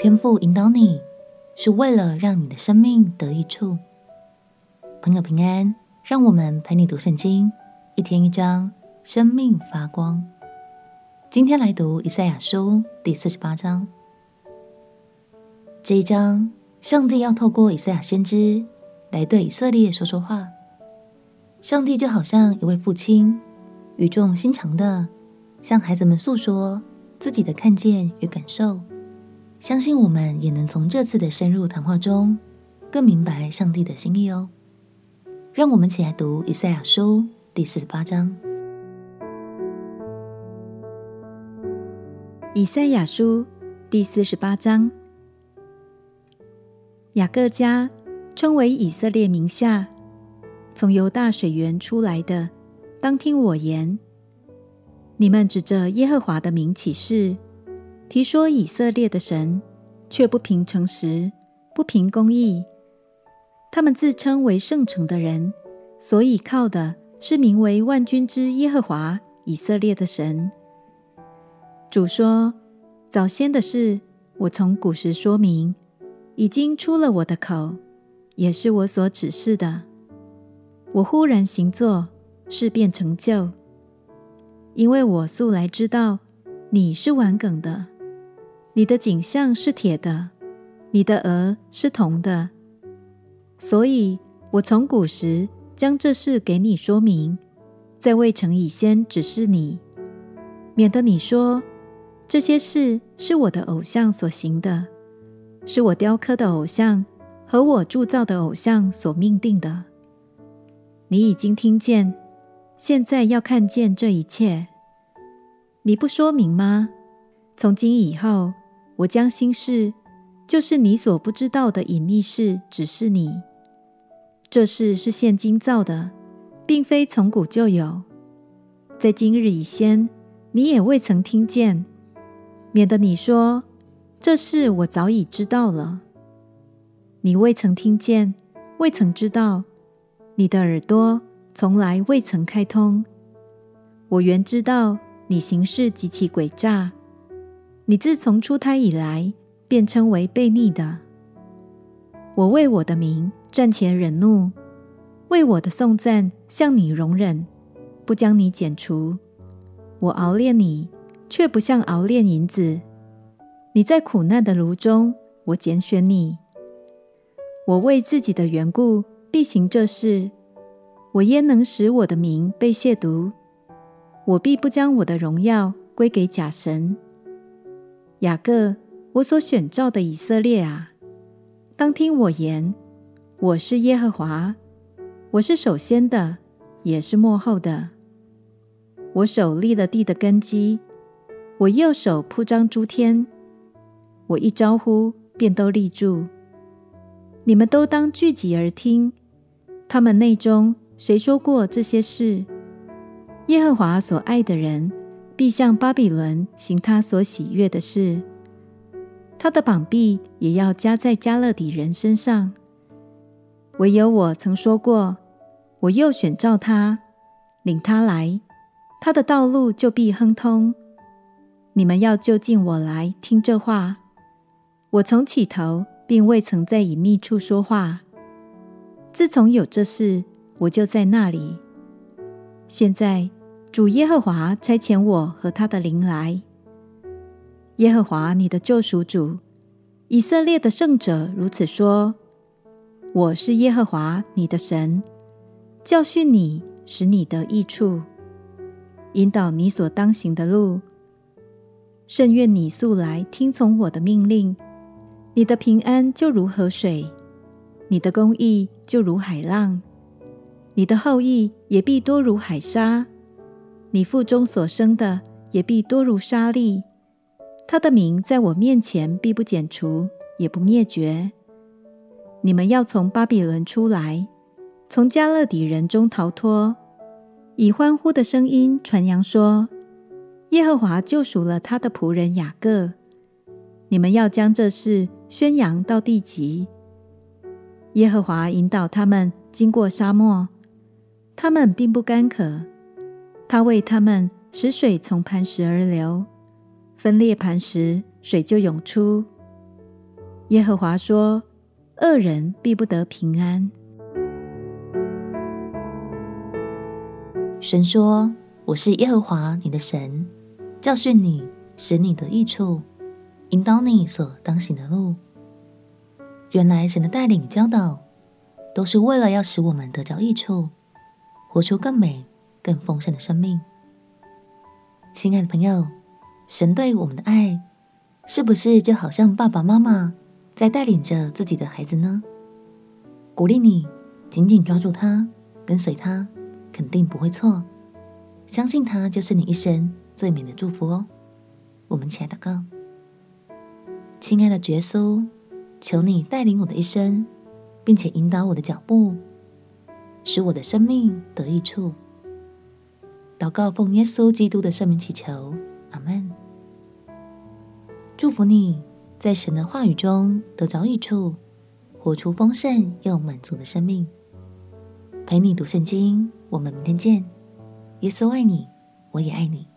天父引導你，是為了讓你的生命得益處。朋友平安，讓我們陪你讀聖經，一天一章，生命發光。今天來讀以賽亞書第四十八章。這一章，上帝要透過以賽亞先知來對以色列說說話。上帝就好像一位父親，語重心長的向孩子們訴說自己的看見與感受。相信我們也能從這次的深入談話中，更明白上帝的心意哦。讓我們起來讀以賽亞書第四十八章。以賽亞書第四十八章，雅各家稱為以色列名下，從猶大水源出來的，當聽我言，你們指着耶和華的名起誓，提說以色列的神，卻不憑誠實，不憑公義。他們自稱為聖城的人，所倚靠的是名為萬軍之耶和華以色列的神。主說：早先的事，我從古時說明，已經出了我的口，也是我所指示的。我忽然行作，事便成就，因為我素來知道你是頑梗的。你的頸項是鐵的，你的額是銅的，所以我從古時將這事給你說明，在未成以先指示你，免得你說這些事是我的偶像所行的，是我雕刻的偶像和我鑄造的偶像所命定的。你已經聽見，現在要看見這一切，你不說明嗎？從今以後。我將新事，就是你所不知道的隱秘事，指示你。這事是現今造的，並非從古就有，在今日以前，你也未曾聽見，免得你說，這事我早已知道了。你未曾聽見，未曾知道，你的耳朵從來未曾開通。我原知道你行事極其詭詐。你自從出胎以來，便稱為悖逆的。我為我的名暫且忍怒，為我的頌讚向你容忍，不將你剪除。我熬煉你，卻不像熬煉銀子。你在苦難的爐中，我揀選你。我為自己的緣故必行這事，我焉能使我的名被褻瀆？我必不將我的榮耀歸給假神。雅各，我所選召的以色列啊，當聽我言。我是耶和華，我是首先的，也是末後的。我手立了地的根基，我右手鋪張諸天。我一招呼，便都立住。你們都當聚集而聽。他們內中誰說過這些事？耶和華所愛的人，必向巴比倫行他所喜悅的事，他的膀臂也要加在迦勒底人身上。唯有我曾說過，我又選召他，領他來，他的道路就必亨通。你們要就近我來聽這話。我從起頭並未曾在隱祕處說話，自從有這事，我就在那裡。現在。主耶和華差遣我和他的靈來。耶和華你的救贖主，以色列的聖者，如此說：“我是耶和華你的神，教訓你，使你得益處；引導你所當行的路。甚願你素來聽從我的命令，你的平安就如河水，你的公義就如海浪，你的後裔也必多如海沙。”你腹中所生的也必多如沙粒，他的名在我面前必不剪除，也不滅絕。你們要從巴比倫出來，從迦勒底人中逃脫，以歡呼的聲音傳揚說：耶和華救贖了他的僕人雅各。你們要將這事宣揚到地極。耶和華引導他們經過沙漠，他們並不乾渴。他為他們使水從磐石而流，分裂磐石，水就湧出。耶和華說：“惡人必不得平安。”神說：“我是耶和華你的神，教訓你，使你得益處，引導你所當行的路。”原來神的帶領教導，都是為了要使我們得着益處，活出更美。更豐盛的生命，親愛的朋友，神對我們的愛，是不是就好像爸爸媽媽在帶領着自己的孩子呢？鼓勵你緊緊抓住他，跟隨他，肯定不會錯。相信他就是你一生最美的祝福哦。我們起來禱告，親愛的耶穌，求你帶領我的一生，並且引導我的腳步，使我的生命得益處。禱告，奉耶穌基督的聖名祈求，阿門。祝福你在神的話語中得著益處，活出豐盛又滿足的生命。陪你讀聖經，我們明天見。耶穌愛你，我也愛你。